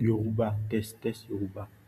Yoruba, teste, teste Yoruba.